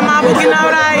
Ama bu ginnaaw raay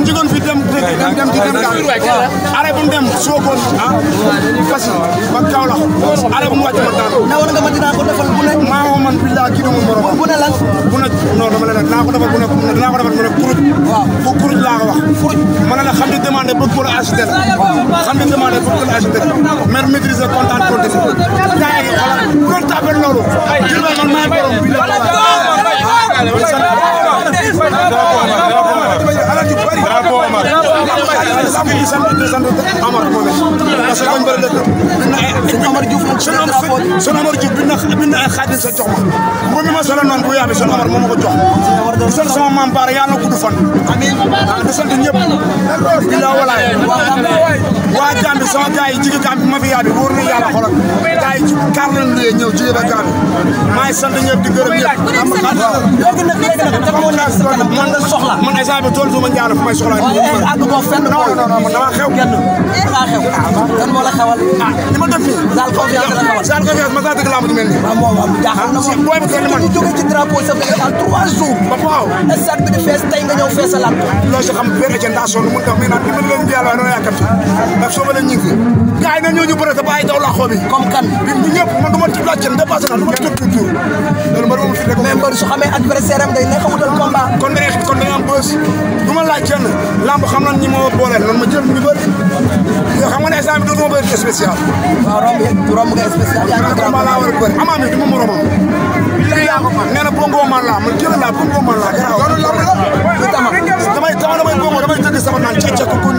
bu jógoon fi dem dem dem dem arrêt bu mu dem soogoon ah fas ba Kaolack arrêt bu mu wàcc ma daan na war nga ma dinaa ko defal bu ne maa ma man bi laa kii dama borom bu ne lan bu ne non dama la dinaa ko defal bu ne dinaa ko defal bu ne kuruj waaw bu kuruj laa ko wax kuruj ma ne la xam ne demandé bëgg ko la acheter xam ne demandé bëgg ko la acheter mais maîtriser kontaan ko def daa ngi xoolal loolu tabel loolu Vamos, vamos Amar sëñ Omar sëñ Omar Diouf bi na bi na xaadim sa jox ma mbo mi ma solo noonu bu yaabi sëñ Omar moo ma ko jox di sant sama maam Baara yàlla na gudd fan amiin di sant ñëpp bilaa walaay waa Gambie sama gars yi jigi Gambie ma fi yaabi wóor na yàlla xoolal gars yi ci kaar lañ luyee ñëw jigi ba Gambie maa ngi sant ñëpp di gërëm ñëpp léegi nag léegi nag dafa mën naa man nga soxla man instant bi tool su ma ñaanu fu may soxla àgg boo fenn non non non man damaa xew kenn damaa xew kan moo la xewal ah li ma def nii daal confiance Jean Confiance mas a dëgg laa ma ñu mel nii. waaw waaw waaw jaaxal na moom booy bu kenn a jóge ci drapeau sa fekk daal trois jours. ba faaw stade bi di fees tey nga ñëw feesalaat ko. loo xam benn agitation lu mun tax mais naan dimbali leen di yàlla waaye noonu soo ma leen ñu ngi ñu bëre te bàyyi daw laaxoo comme kan bi ñu ñëpp man du ma na ma ci tudd tudd a ma laaj kenn lamb xam nañ noonu ma jël ñu bëri islam dootuma bëri spécial. waaw romb romb nga spécial yaa ngi ko war a bëri amaa mi du ma moromam. billahi yaa ko man nee na bongo man la man jël la bongo man la. loolu lamb la damay damay bongo damay tëgg sama naan càcc